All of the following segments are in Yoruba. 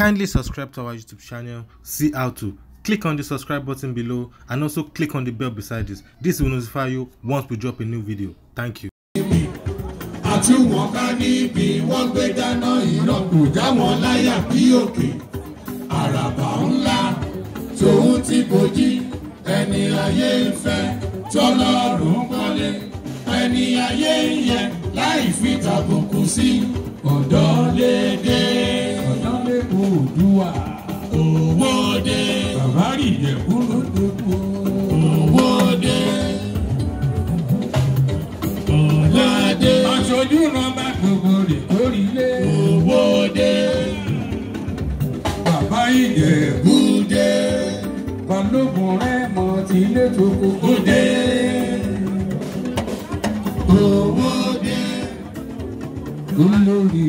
Kindly subscribe to our YouTube channel, see how to. Click on the subscribe button below and also click on the bell beside this. This will notify you once we drop a new video. Thank you. àti wọn ká níbi wọ́n gbé dáná ìran kò já wọn láyà bí òkè àràbà ńlá tòun ti bòjì ẹni ayé ń tọ́lọ́rùn kọ́lé ẹni ayé ń yẹ láì fi tàbùkù sí ọ̀dọ́ lédè. Oòduà. Owó dé. Bàbá rí Ìjẹ̀bú ló dépò. Owó dé. Ọlá dé. Aṣojú náà bá gbogbo rè lórí ilé. Owó dé. Bàbá Ìjẹ̀bú dé. Balógun rẹ̀ mọ̀ tí ilé tó kókó dé. Owó dé. Olórí.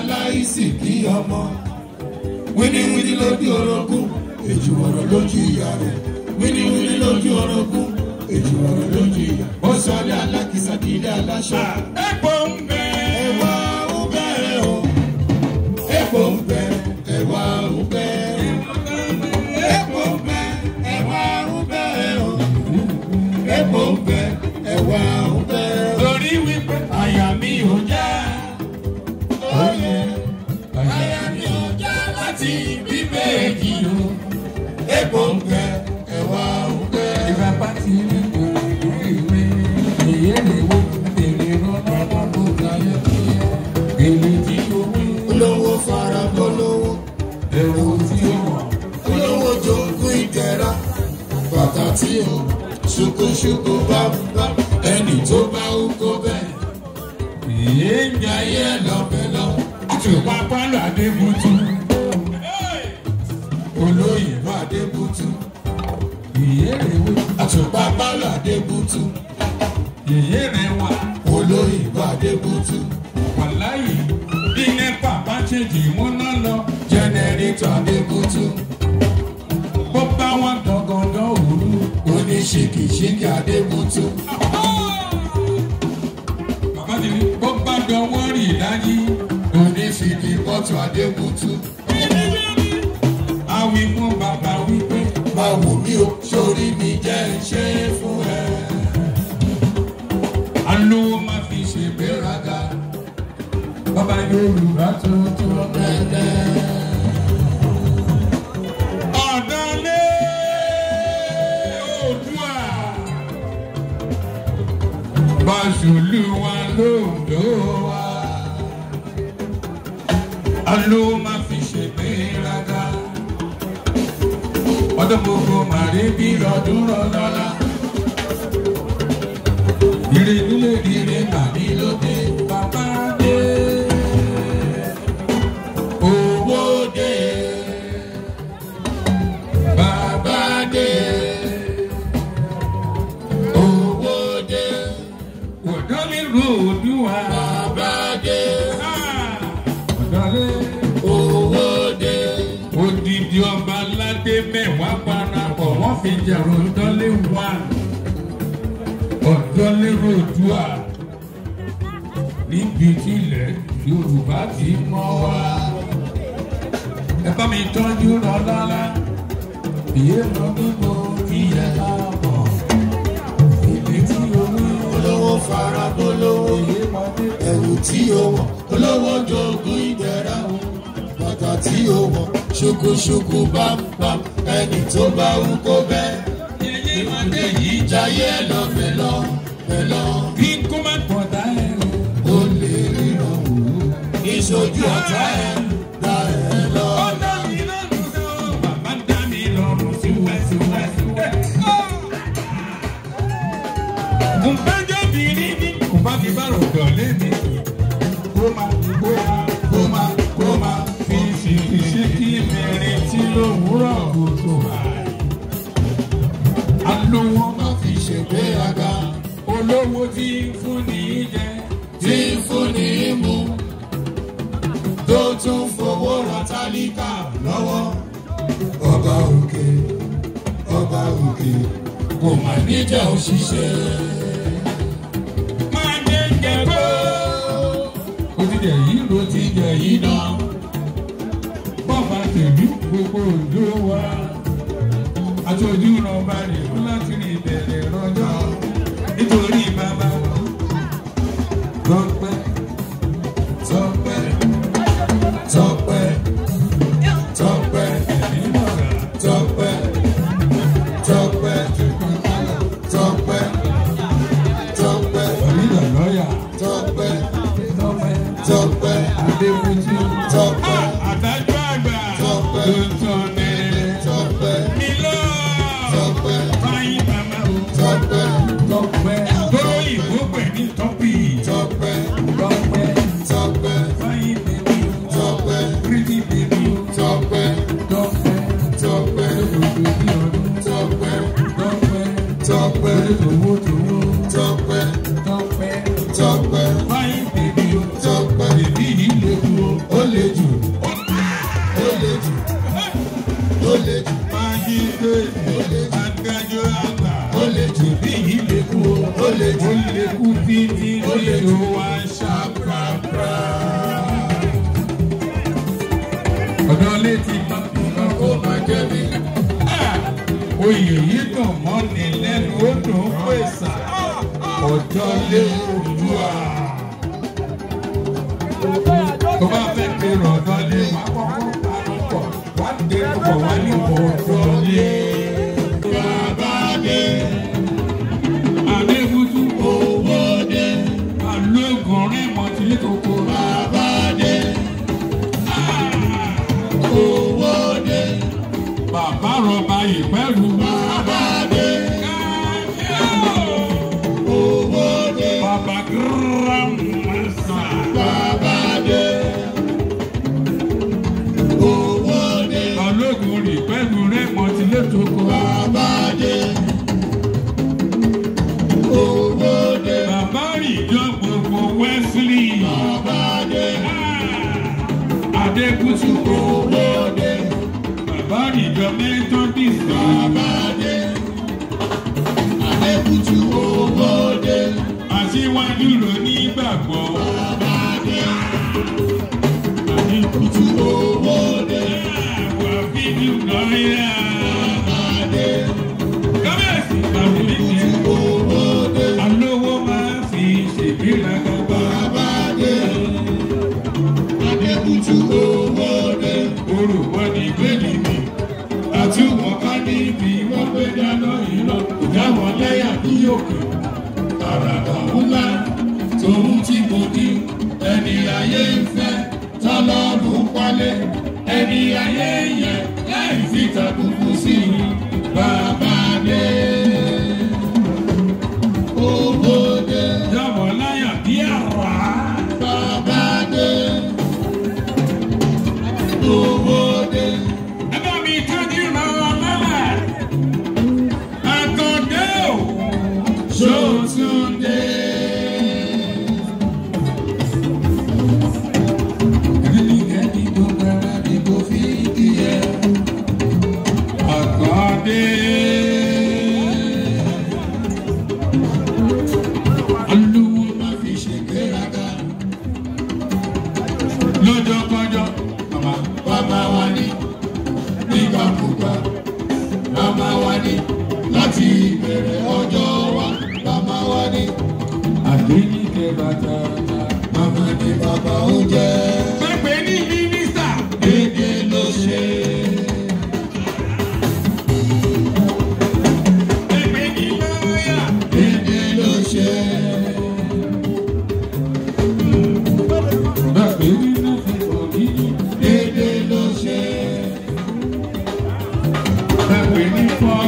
aláìsí kí ọmọ wíníwíní lójú orogún èjì ọ̀rọ̀ lójú ìyá rẹ̀ wíníwíní lójú orogún èjì ọ̀rọ̀ lójú ìyá. ó sọ ní alákìsà kí aláṣọ. Ah, ẹ pọ̀ kọ̀ǹgẹ́ ẹ̀wà ọ̀gbẹ́. ìgbà pàtì ní kúrú ìwé èyí lè wo èrè rọ́nà lọ́dún láyé tó yẹ. èrè tí o wí. olówó fara gbólówó. ẹ̀rọ tí o mọ̀. olówó jọ kú ìdẹ́ra. bàtà tí o ṣokoṣoko bá bá lọ́bẹ̀ lọ. àti pápá làdé Adébútú ìyẹ́rẹ̀ wò. àtùpà bálà Adébútú ìyẹ́rẹ̀ wà. olóyìnbó Adébútú. wàláyé bí nẹ́pà bá ṣèjì wọn náà lọ. jẹnẹrétọ̀ Adébútú. bó bá wọn gangan òru. oníṣekìṣekì Adébútú. bàbá mi bó bá dọwọ́ rìn láyé. onífìdí mọ́tò Adébútú wí fún bàbá wípé máa wò mí o sórí mi jẹ́ ṣe fún ẹ. alówó máa fi ṣègbéraga bàbá Yorùbá. ire mi lè rí ire bà mí lóde bàbá dé owó dé bàbá dé owó dé ọ̀dọ́ mi rò òdùwà bàbá dé ah! ọ̀dọ́ lé owó ọba aládé mẹ́wàá parapọ̀ wọ́n fi jẹ̀rù dọ́là ọ̀dọ́ lérò dùà níbi tí ilẹ̀ Yorùbá ti mọ́ wá. Ẹ bá mi tọ́jú lọ́lọ́lá, ìyé lọ gbogbo ìyẹn náà mọ̀. Èdè tí owó olówó fara bolówó, ẹ̀wù tí ó wọ̀ olówó jogún ìdẹ̀ra bàtà tí ó wọ̀ ṣókóṣókó bámbám ẹni tó bá ń kó bẹ́ẹ̀ jayé lọ fẹlọ fẹlọ. kí n kó má tọ̀tà ọ̀tá ẹ̀. tálíkà lọ́wọ́. ọba òkè ọba òkè kò mà níjà òṣìṣẹ́. máa ń jẹ́ jẹ́ gbó. o ti jẹ yìí ló ti jẹ yìí náà. bọ́ọ̀bù àtẹ̀lú gbogbo òjò wa. àti ojú ìrànba rè fún láti rìn ìbẹ̀rẹ̀ rọjò. ọ̀dọ́ létí kankan kó má jẹ́ mi. Ah! oyè yìí dùn mọ́ ni lẹ́nu ó dùn ún pèsè ọjọ́ lé Oòduà. tó bá fẹ́ pé ọ̀dọ́ lé wàá kọ́kọ́ parọ́ pọ̀ wá wá ní ọ̀dọ́ lé. bá rọba ìpẹ́rù Methodist Babade, Adébútú Owóde, Aṣíwájú lónígbàgbọ́ Babade, Adébútú Owóde, Wàfíìdù Lọ́yà Babade, Kábíyèsí Bàbílíṣẹ́ Owóde, Alówó máa fi ṣèbí lágbàgbà Babade, Adébútú Owóde, Olùwọ́ni Gbẹ́dì tí wọ́n bá ní ibi wọ́n gbé dáná yìí lọ kò dá wọn lẹ́yà bí òkè àràbà ńlá tòun tí mo di ẹni ayé ń tá lọ́ọ̀dún pálẹ̀ ẹni ayé yẹn láì fi tàbùkù sí i bàbá dé. láti ìbẹ̀rẹ̀ ọjọ́ wa bá máa wá ní. àdéhìkẹ́ bàtà.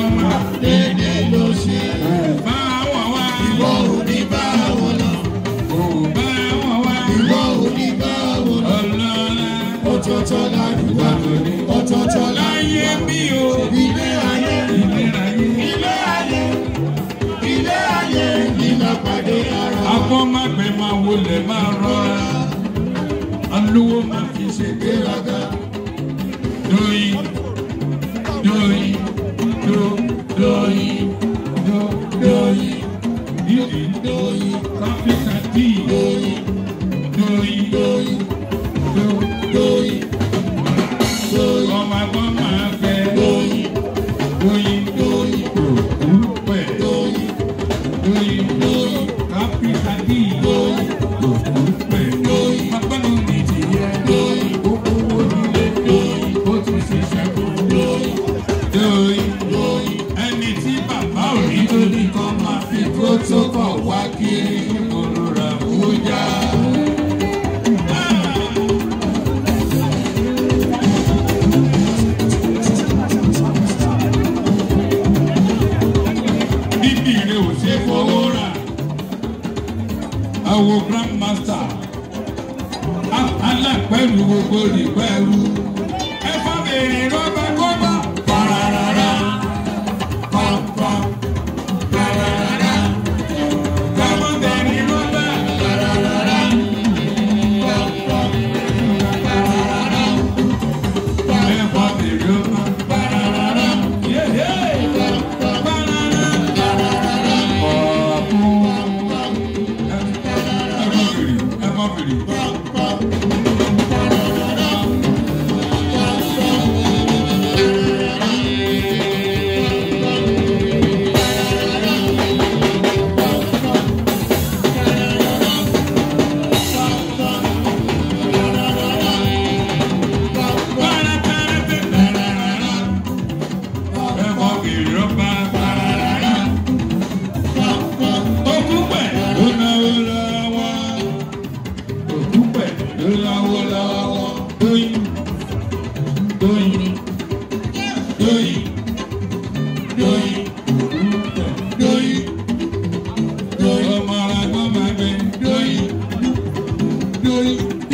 ọmọ lédè ló ṣe. bá wọn wá. ìwọ ò ní bá wọn lọ. la dùwà. ọ̀tọ̀ọ̀tọ̀ la yẹ o. ilé ayé. ilé ayé. ilé ayé. ilé ayé ní lápàdé ara. máa rọra. alówó máa fi ṣègbéra. Doi, doyi didi doyi Africa di doyi doyi doyi doyi doyi ọmọ ẹ̀gbọ́n máa.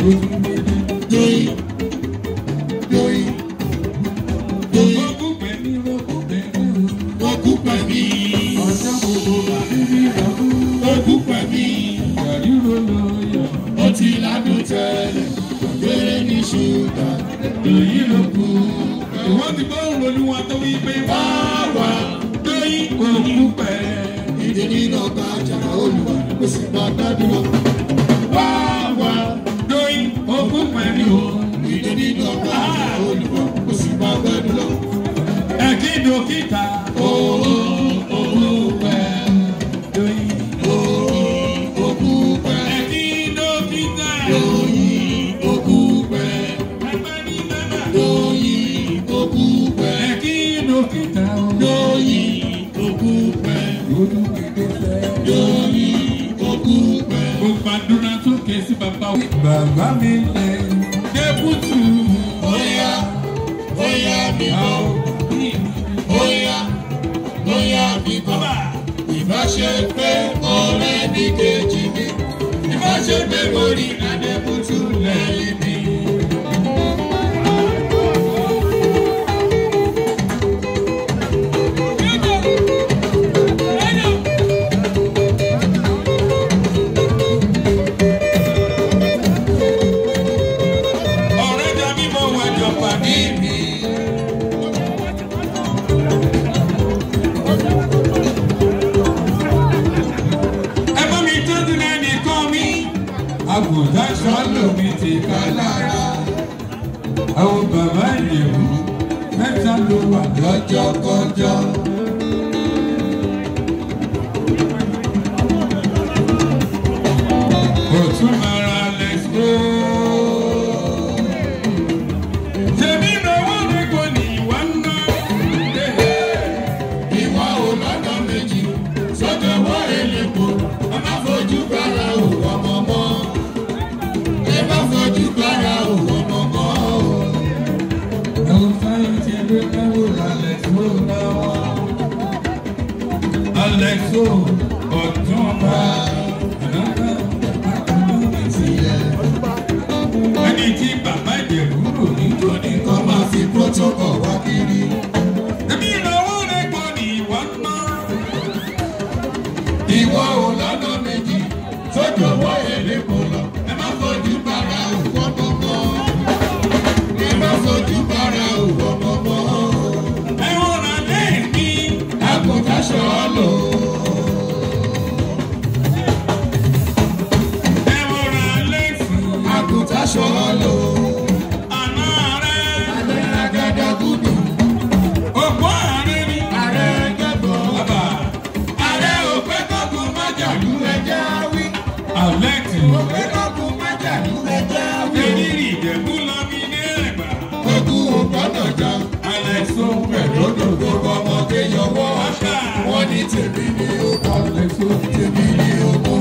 Thank you. bàbá mi lè dẹ́kùtù. Bóyá bóyá mi bọ̀ bóyá bóyá mi bọ̀ ìbáṣe pé ọ̀rẹ́ mi kejì mi ìbáṣe pé mo rí adẹ́kùtù lẹ́yìn mi. dúró ní nǹkan máa fi protocol wá kiri. tèmi ní ọmọ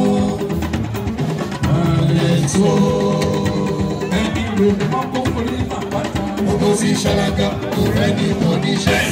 ààrẹ tó. ẹni rẹ̀ mọ́ kó forí àpáta. mo tó fi ṣàlàgà kò rẹ́ni mọ̀ níṣẹ́.